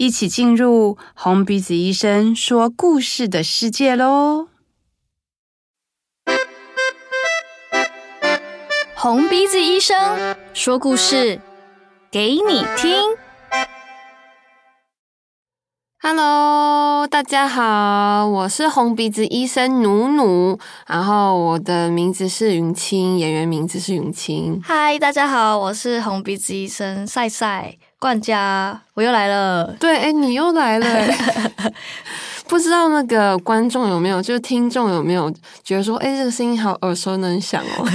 一起進入紅鼻子醫生說故事的世界嘍！紅鼻子醫生說故事給你聽。Hello，大家好，我是紅鼻子醫生努努，然後我的名字是雲欽，演員名字是雲欽。Hi，大家好，我是紅鼻子醫生賽賽。曬曬冠嘉，我又來了。對，哎，你又來了。 不知道那個觀眾有沒有，就是聽眾有沒有覺得說，哎，這個聲音好耳熟能詳哦。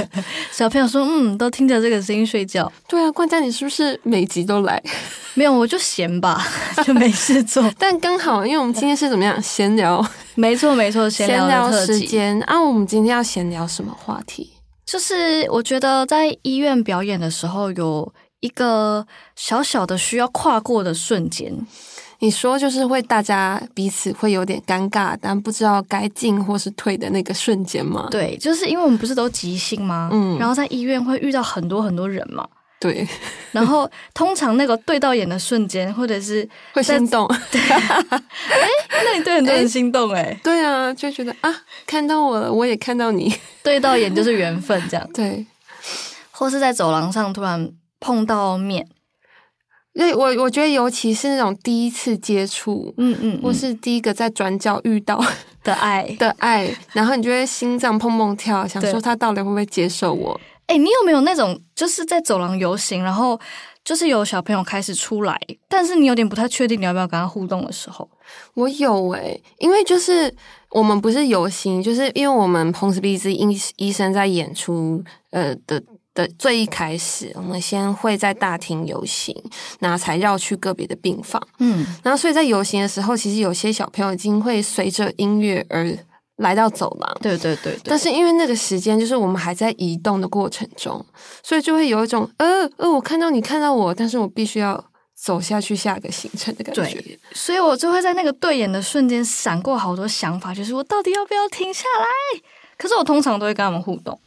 小朋友說，嗯，都聽着這個聲音睡覺。對啊，冠嘉，你是不是每集都來？沒有，我就閒吧， 就沒事做。但剛好，因為我們今天是怎麼樣閒聊？ 沒錯，沒錯，閒聊時間啊，我們今天要閒聊什麼話題？就是我覺得在醫院表演的時候有。一個小小的需要跨過的瞬間，你說就是會大家彼此會有點尷尬，但不知道該進或是退的那個瞬間嗎？對，就是因為我們不是都即興嗎？嗯，然後在醫院會遇到很多很多人嘛。對，然後通常那個對到眼的瞬間，或者是會心動。哎， 欸、 那你對很多人心動哎、欸欸？對啊，就覺得啊，看到我了，我也看到你，對到眼就是緣分這樣。 對，或是在走廊上突然。碰到面，因為我我覺得，尤其是那種第一次接觸，嗯嗯，嗯，或是第一個在轉角遇到的愛 的愛，然後你就會心臟砰砰跳，想說他到底會不會接受我？哎、欸，你有沒有那種就是在走廊遊行，然後就是有小朋友開始出來，但是你有點不太確定你要不要跟他互動的時候？我有哎、欸，因為就是我們不是遊行，就是因為我們彭斯比斯醫醫生在演出，呃的。的最一開始，我們先會在大廳遊行，然後才繞去個別的病房。嗯，然後所以在遊行的時候，其實有些小朋友已經會隨着音樂而來到走廊。對，對對對。但是因為那個時間就是我們還在移動的過程中，所以就會有一種呃呃，我看到你看到我，但是我必須要走下去下個行程的感覺。對，所以我就會在那個對眼的瞬間閃過好多想法，就是我到底要不要停下來？可是我通常都會跟他們互動。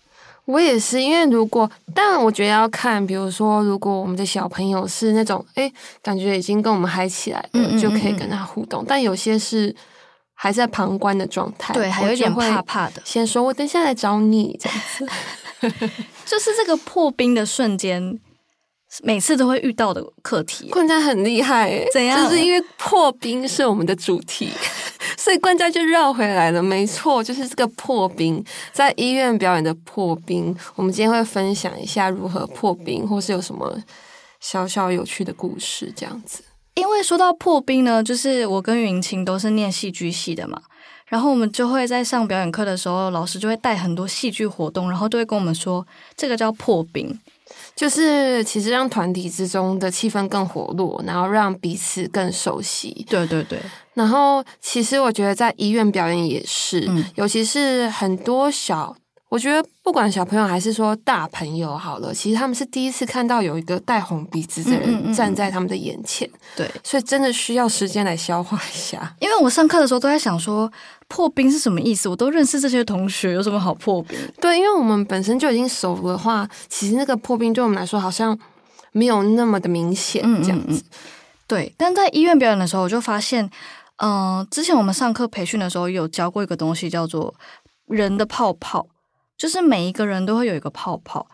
我也是，因為如果，但我覺得要看，比如說，如果我們的小朋友是那種，誒、欸、感覺已經跟我們嗨起來了、嗯，就可以跟他互動、嗯嗯，但有些是還在旁觀的狀態，對，還有點怕怕的。先說，我等下來找你，這樣子。 就是這個破冰的瞬間，每次都會遇到的課題，困難很厲害。怎樣？就是因為破冰是我們的主題。 所以，冠嘉就繞回來了。沒錯，就是這個破冰，在醫院表演的破冰。我們今天會分享一下如何破冰，或是有什麼小小有趣的故事這樣子。因為說到破冰呢，就是我跟雲欽都是念戲劇系的嘛，然後我們就會在上表演課的時候，老師就會帶很多戲劇活動，然後都會跟我們說，這個叫破冰。就是其實讓團體之中的氣氛更活絡，然後讓彼此更熟悉。對對對。然後其實我覺得在醫院表演也是，嗯、尤其是很多小。我覺得不管小朋友還是說大朋友好了，其實他們是第一次看到有一個戴紅鼻子的人站在他們的眼前。嗯嗯嗯，對，所以真的需要時間來消化一下。因為我上課的時候都在想說破冰是什麼意思，我都認識這些同學，有什麼好破冰？對，因為我們本身就已經熟的話，其實那個破冰對我們來說好像沒有那麼的明顯，嗯嗯嗯，這樣子。對，但在醫院表演的時候，我就發現，嗯、呃，之前我們上課培訓的時候有教過一個東西，叫做人的泡泡。就是每一個人都會有一個泡泡，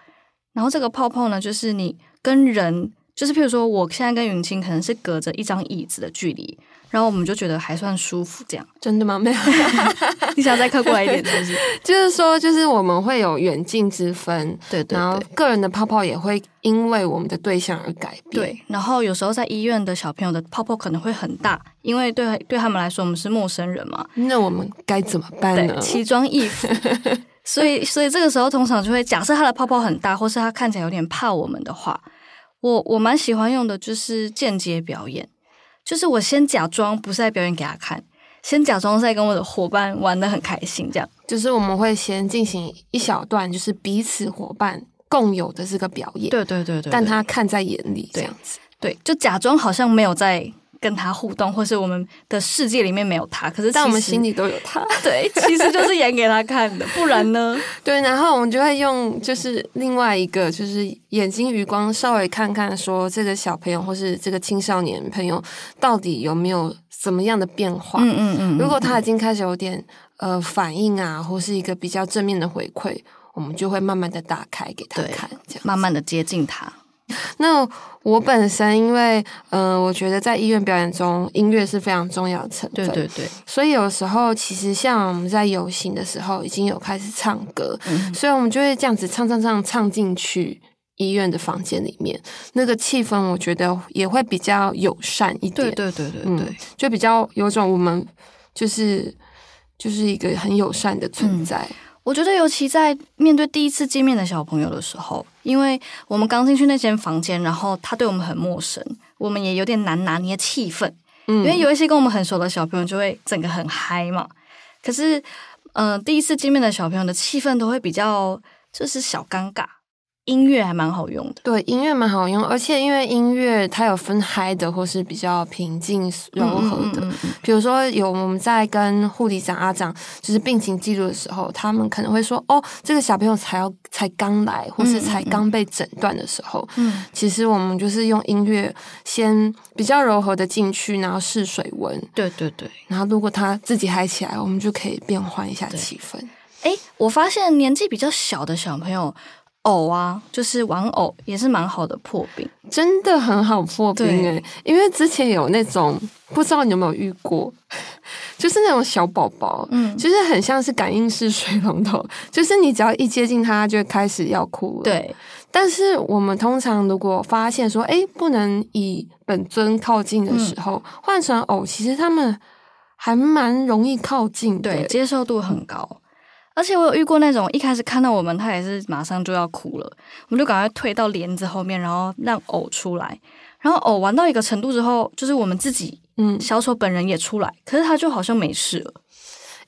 然後這個泡泡呢，就是你跟人，就是譬如說我現在跟雲欽可能是隔着一張椅子的距離，然後我們就覺得還算舒服。這樣真的嗎？沒有， 你想再靠過來一點就是？ 就是說，就是我們會有遠近之分，對，對對。然後個人的泡泡也會因為我們的對象而改變。對，然後有時候在醫院的小朋友的泡泡可能會很大，因為對對他們來說我們是陌生人嘛。那我們該怎麼辦呢？奇裝異服。 所以，所以這個時候通常就會假設他的泡泡很大，或是他看起來有點怕我們的話，我我蠻喜歡用的就是間接表演，就是我先假裝不是在表演給他看，先假裝在跟我的夥伴玩得很開心，這樣。就是我們會先進行一小段，就是彼此夥伴共有的這個表演。對對對對，對，對。但他看在眼裡，這樣子。對，對就假裝好像沒有在。跟他互動，或是我們的世界裡面沒有他，可是但我們心裡都有他。 對，其實就是演給他看的，不然呢？ 對。然後我們就會用，就是另外一個，就是眼睛餘光稍微看看，說這個小朋友或是這個青少年朋友到底有沒有什麼樣的變化？嗯嗯嗯。如果他已經開始有點、嗯、呃反應啊，或是一個比較正面的回饋，我們就會慢慢的打開給他看，這樣慢慢的接近他。那我本身，因為嗯、呃，我覺得在醫院表演中，音樂是非常重要的成分。對對對。所以有時候，其實像我們在遊行的時候，已經有開始唱歌，嗯、所以我們就會這樣子唱唱唱唱進去醫院的房間裡面。那個氣氛，我覺得也會比較友善一點。對對對對，對、嗯，就比較有種我們就是就是一個很友善的存在。嗯我覺得，尤其在面對第一次見面的小朋友的時候，因為我們剛進去那間房間，然後他對我們很陌生，我們也有點難拿捏氣氛。嗯，因為有一些跟我們很熟的小朋友就會整個很嗨嘛，可是，嗯、呃，第一次見面的小朋友的氣氛都會比較就是小尷尬。音樂還蠻好用的，對，音樂蠻好用，而且因為音樂它有分嗨的或是比較平靜柔和的。嗯，嗯，嗯，比如說有我們在跟護理長阿長就是病情記錄的時候，他們可能會說哦，這個小朋友才要才剛來或是才剛被診斷的時候，嗯，嗯，其實我們就是用音樂先比較柔和的進去，然後試水溫，對對對，然後如果他自己嗨起來，我們就可以變換一下氣氛。哎，我發現年紀比較小的小朋友，偶啊，就是玩偶也是蠻好的破冰，真的很好破冰誒、欸，因為之前有那種不知道你有沒有遇過，就是那種小寶寶，嗯，就是很像是感應式水龍頭，就是你只要一接近它就開始要哭了。對，但是我們通常如果發現說，哎，不能以本尊靠近的時候，嗯、換成偶，其實他們還蠻容易靠近的，對，接受度很高。而且我有遇過那種一開始看到我們，他也是馬上就要哭了。我們就趕快退到簾子後面，然後讓偶出來，然後偶玩到一個程度之後，就是我們自己，嗯，小丑本人也出來，可是他就好像沒事了。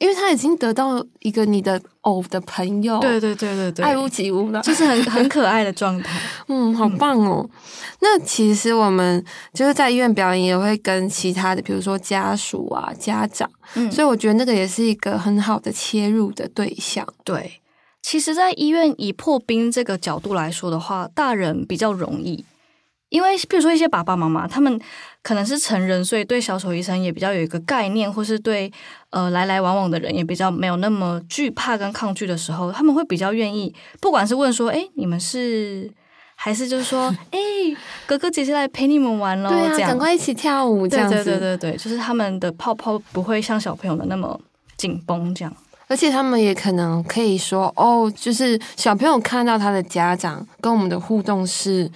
因為他已經得到一個你的偶的朋友，對對對對對，愛屋及烏了，就是很很可愛的狀態。 嗯，好棒哦、嗯。那其實我們就是在醫院表演，也會跟其他的，比如說家屬啊、家長、嗯，所以我覺得那個也是一個很好的切入的對象。對，其實，在醫院以破冰這個角度來說的話，大人比較容易。因為，比如說一些爸爸媽媽，他們可能是成人，所以對小丑醫生也比較有一個概念，或是對呃來來往往的人也比較沒有那麼懼怕跟抗拒的時候，他們會比較願意，不管是問說，哎，你們是，還是就是說，哎， 哥哥姐姐來陪你們玩了，對啊，這樣，趕快一起跳舞，這樣子，對對，對對對，就是他們的泡泡不會像小朋友們那麼緊繃這樣，而且他們也可能可以說，哦，就是小朋友看到他的家長跟我們的互動是。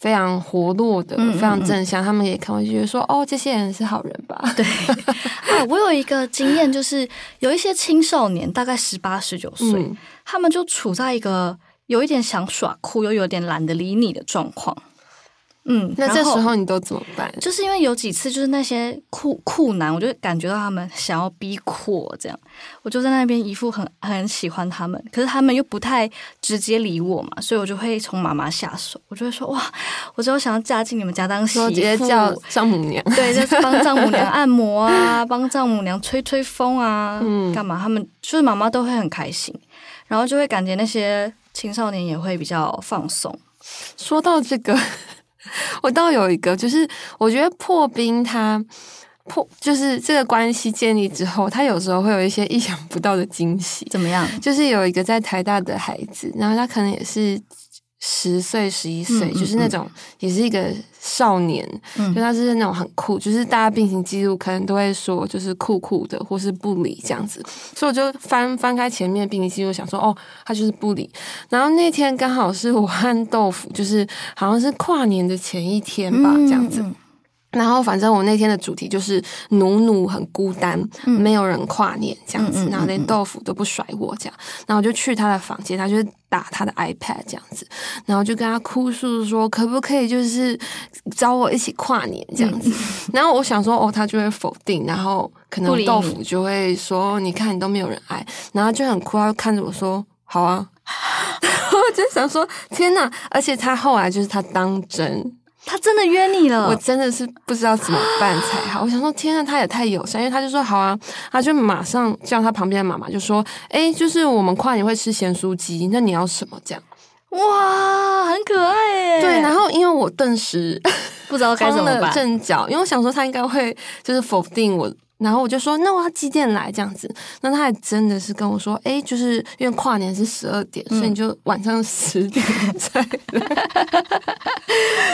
非常活絡的，非常正向，嗯嗯嗯，他們也可能就覺得說，哦，這些人是好人吧？對啊，我有一個經驗，就是 有一些青少年，大概十八、十九歲，嗯，他們就處在一個有一點想耍酷，又有點懶得理你的狀況。嗯，那這時候你都怎麼辦？就是因為有幾次，就是那些酷酷男，我就感覺到他們想要逼迫我這樣，我就在那邊一副很很喜歡他們，可是他們又不太直接理我嘛，所以我就會從媽媽下手，我就會說哇，我之後想要嫁進你們家當，當媳婦，直接叫丈母娘，對，就是幫丈母娘按摩啊， 幫丈母娘吹吹風啊，嗯，幹嘛？他們就是媽媽都會很開心，然後就會感覺那些青少年也會比較放鬆。說到這個。我倒有一個，就是我覺得破冰他，它破就是這個關係建立之後，它有時候會有一些意想不到的驚喜。怎麼樣？就是有一個在台大的孩子，然後他可能也是。十歲、十一歲，就是那種，也是一個少年，嗯、就他是那種很酷，就是大家病情記錄可能都會說，就是酷酷的，或是不理這樣子。所以我就翻翻開前面病情記錄，想說，哦，他就是不理。然後那天剛好是我和豆腐，就是好像是跨年的前一天吧，這樣子。嗯嗯然後反正我那天的主題就是努努很孤單、嗯，沒有人跨年這樣子、嗯嗯嗯嗯，然後連豆腐都不甩我這樣，然後就去他的房間，他就打他的 iPad 這樣子，然後就跟他哭訴說可不可以就是找我一起跨年這樣子，嗯、然後我想說哦，他就會否定，然後可能豆腐就會說你，你看你都沒有人愛，然後就很哭，他就看着我說好啊，我 就想說天吶，而且他後來就是他當真。他真的約你了，我真的是不知道怎麼辦才好。我想說，天哪，他也太友善，因為他就說好啊，他就馬上叫他旁邊的媽媽就說，哎，就是我們跨年會吃鹹酥雞，那你要什麼這樣？哇，很可愛耶。對，然後因為我頓時不知道該怎麼辦，陣腳，因為我想說他應該會就是否定我。然後我就說，那我要幾點來這樣子？那他還真的是跟我說，哎，就是因為跨年是十二點，嗯，所以你就晚上十點再來。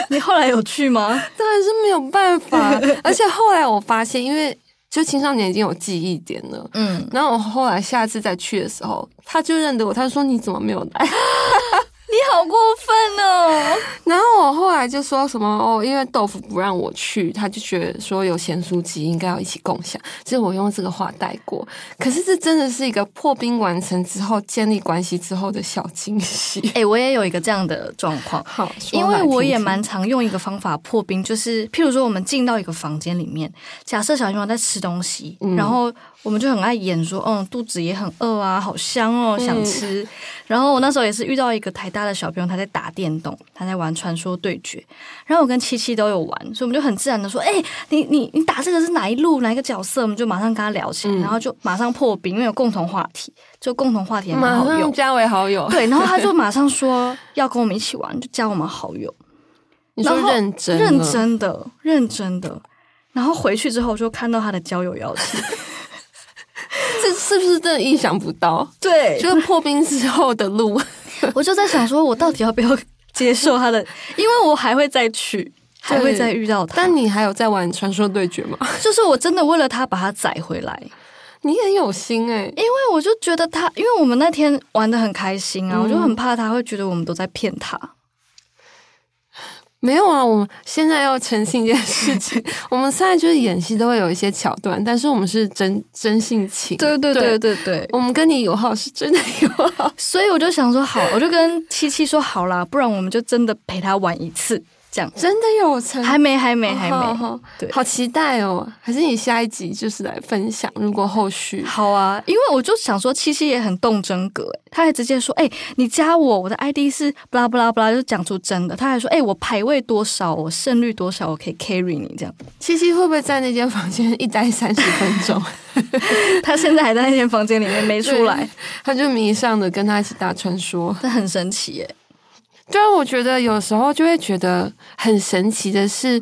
你後來有去嗎？當然是沒有辦法。 而且後來我發現，因為就青少年已經有記憶點了，嗯。然後我後來下次再去的時候，他就認得我，他就說：“你怎麼沒有來？”你好過分哦！ 然後我後來就說什麼哦，因為豆腐不讓我去，他就覺得說有鹹酥雞應該要一起共享，所以我用這個話帶過。可是這真的是一個破冰完成之後建立關係之後的小驚喜。哎、欸，我也有一個這樣的狀況，好，因為我也蠻常用一個方法破冰，就是譬如說我們進到一個房間裡面，假設小熊貓在吃東西，嗯、然後。我們就很愛演說，嗯，肚子也很餓啊，好香哦，想吃，嗯。然後我那時候也是遇到一個台大的小朋友，他在打電動，他在玩《傳說對決》，然後我跟七七都有玩，所以我們就很自然的說，哎，欸，你你你打這個是哪一路，哪一個角色？我們就馬上跟他聊起來，嗯，然後就馬上破冰，因為有共同話題，就共同話題。也蠻好用，加為好友。對，然後他就馬上說 要跟我們一起玩，就加我們好友。你說然後認真、認真的、認真的。然後回去之後就看到他的交友邀請。 是不是真的意想不到？對，就是破冰之後的路 我就在想，說我到底要不要接受他的？ 因為我還會再去，還會再遇到他。但你還有在玩傳說對決嗎？ 就是我真的為了他把他載回來，你很有心誒、欸，因為我就覺得他，因為我們那天玩得很開心啊、嗯，我就很怕他會覺得我們都在騙他。沒有啊，我們現在要澄清一件事情。 我們現在就是演戲都會有一些橋段，但是我們是真真性情，對對對對對，對，對，我們跟你友好是真的友好。 所以我就想說，好，我就跟七七說好啦，不然我們就真的陪他玩一次。真的有成？還沒，還沒，還、哦、沒。好期待哦！還是你下一集就是來分享？如果後續好啊，因為我就想說，七夕也很動真格、欸，他還直接說：“哎、欸，你加我，我的 ID 是 ……”“，blah blah blah”，就講出真的。他還說：“哎、欸，我排位多少？我勝率多少？我可以 carry 你。”這樣，七夕會不會在那間房間一待三十分鐘？他 現在還在那間房間裡面沒出來，他就迷上的跟他一起打傳說，這很神奇耶、欸。對啊，我覺得有時候就會覺得很神奇的是，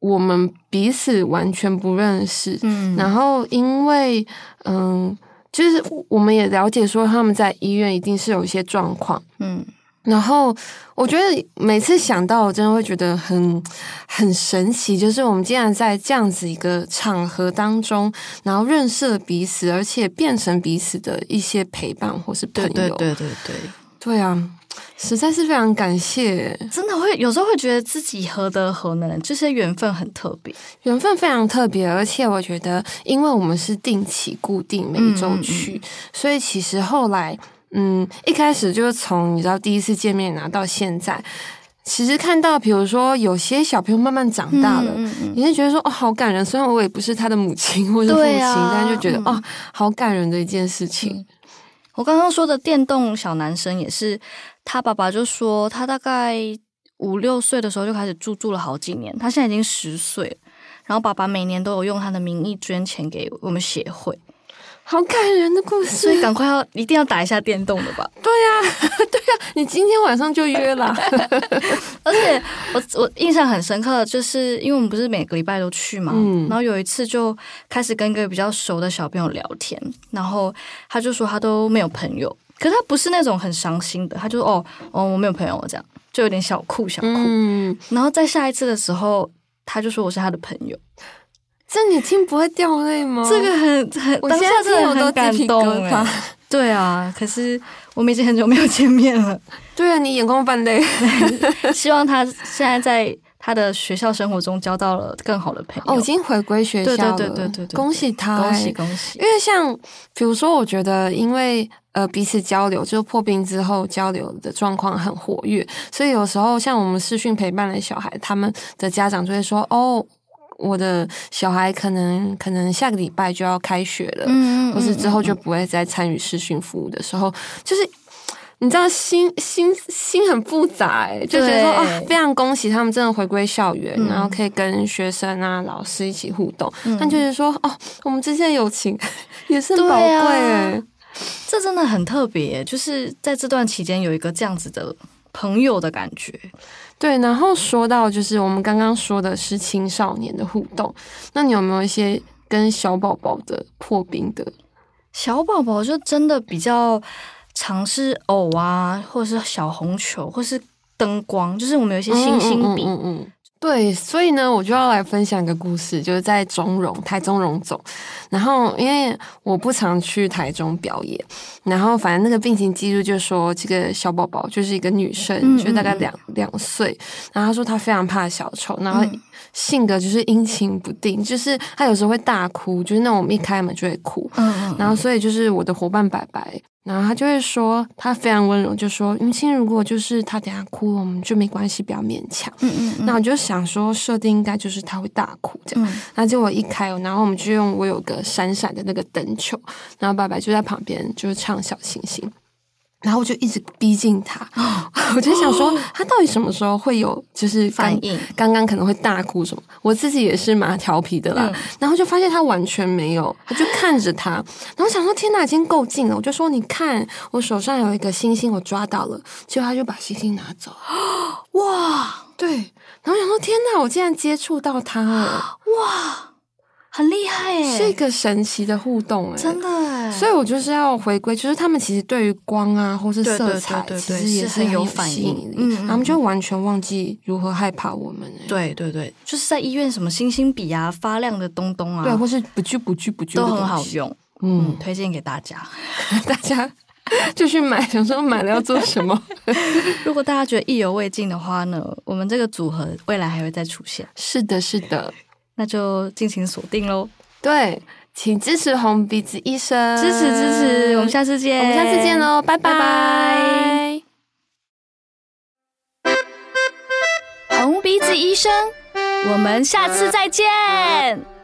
我們彼此完全不認識。嗯，然後因為嗯，就是我們也了解說他們在醫院一定是有一些狀況。嗯，然後我覺得每次想到，我真的會覺得很很神奇，就是我們竟然在這樣子一個場合當中，然後認識了彼此，而且變成彼此的一些陪伴或是朋友。對對對對對，對啊。實在是非常感謝，真的會有時候會覺得自己何德何能，就是緣分很特別，緣分非常特別。而且我覺得，因為我們是定期固定每一周去，嗯嗯，所以其實後來，嗯，一開始就是從你知道第一次見面拿到現在，其實看到比如說有些小朋友慢慢長大了，你，嗯嗯嗯，是覺得說，哦好感人。雖然我也不是他的母親或者父親，啊，但是就覺得哦，好感人的一件事情。嗯、我剛剛說的電動小男生也是。他爸爸就說，他大概五六歲的時候就開始住，住了好幾年。他現在已經十歲了，然後爸爸每年都有用他的名義捐錢給我們協會，好感人的故事。 所以趕快要一定要打一下電動的吧。 對呀、啊，對呀、啊，你今天晚上就約啦。 而且我我印象很深刻，就是因為我們不是每個禮拜都去嘛、嗯，然後有一次就開始跟一個比較熟的小朋友聊天，然後他就說他都沒有朋友。可是他不是那種很傷心的，他就哦哦，我沒有朋友，我這樣，就有點小酷小酷。嗯，然後在下一次的時候，他就說我是他的朋友。這你聽不會掉淚嗎？這個很很，我現在聽我都感動哎。對啊，可是我們已經很久沒有見面了。對啊，你眼眶泛淚。 希望他現在在。他的學校生活中交到了更好的朋友。哦，已經回歸學校了，對對對對對，對，對，恭喜他！恭喜恭喜！因為像比如說，我覺得因為呃彼此交流，就破冰之後交流的狀況很活躍，所以有時候像我們視訊陪伴的小孩，他們的家長就會說：“哦，我的小孩可能可能下個禮拜就要開學了，嗯，或是之後就不會再參與視訊服務的時候，嗯、就是。”你知道心心心很複雜，就覺得說哦，非常恭喜他們真的回歸校園，嗯，然後可以跟學生啊、老師一起互動。嗯、但就是說哦，我們之間的友情也是很寶貴，啊，這真的很特別。就是在這段期間有一個這樣子的朋友的感覺。對，然後說到就是我們剛剛說的是青少年的互動，那你有沒有一些跟小寶寶的破冰的？小寶寶就真的比較。嘗試偶啊，或者是小紅球，或者是燈光，就是我們有一些星星餅。嗯嗯，嗯，嗯對，所以呢，我就要來分享一個故事，就是在中榮，台中榮總。然後，因為我不常去台中表演，然後反正那個病情記錄就是說，這個小寶寶就是一個女生，嗯、就大概兩兩歲。然後她說她非常怕小丑，然後性格就是陰晴不定，嗯、就是她有時候會大哭，就是那種我們一開門就會哭。嗯嗯，然後所以就是我的夥伴白白。然後他就會說，他非常溫柔，就說雲欽，如果就是他等下哭，我們就沒關係，不要勉強。嗯嗯嗯。那我就想說，設定應該就是他會大哭這樣。嗯、那結果一開，然後我們就用我有個閃閃的那個燈球，然後爸爸就在旁邊就是唱小星星。然後我就一直逼近他，哦，我就想說他到底什麼時候會有就是反應？剛剛可能會大哭什麼？我自己也是蠻調皮的啦，嗯。然後就發現他完全沒有，他就看着他。然後想說天哪，已經夠近了。我就說你看，我手上有一個星星，我抓到了。結果他就把星星拿走。哇，對。然後想說天哪，我竟然接觸到他了。哇！很厲害哎、欸，是一個神奇的互動哎、欸，真的哎、欸。所以我就是要回歸，就是他們其實對於光啊，或是色彩，對對對對對其實也是很，有是很有反應。嗯，嗯，他們就完全忘記如何害怕我們、欸。對對對，就是在醫院什麼星星筆啊、發亮的東東啊，對，或是不拘不拘不拘，都很好用。嗯，推薦給大家， 大家就去買。想說買了要做什麼？ 如果大家覺得意猶未盡的話呢，我們這個組合未來還會再出現。是的，是的。那就盡情鎖定嘍對，請支持紅鼻子醫生，支持支持，我們下次見，我們下次見嘍，拜拜拜！紅鼻子醫生，我們下次再見。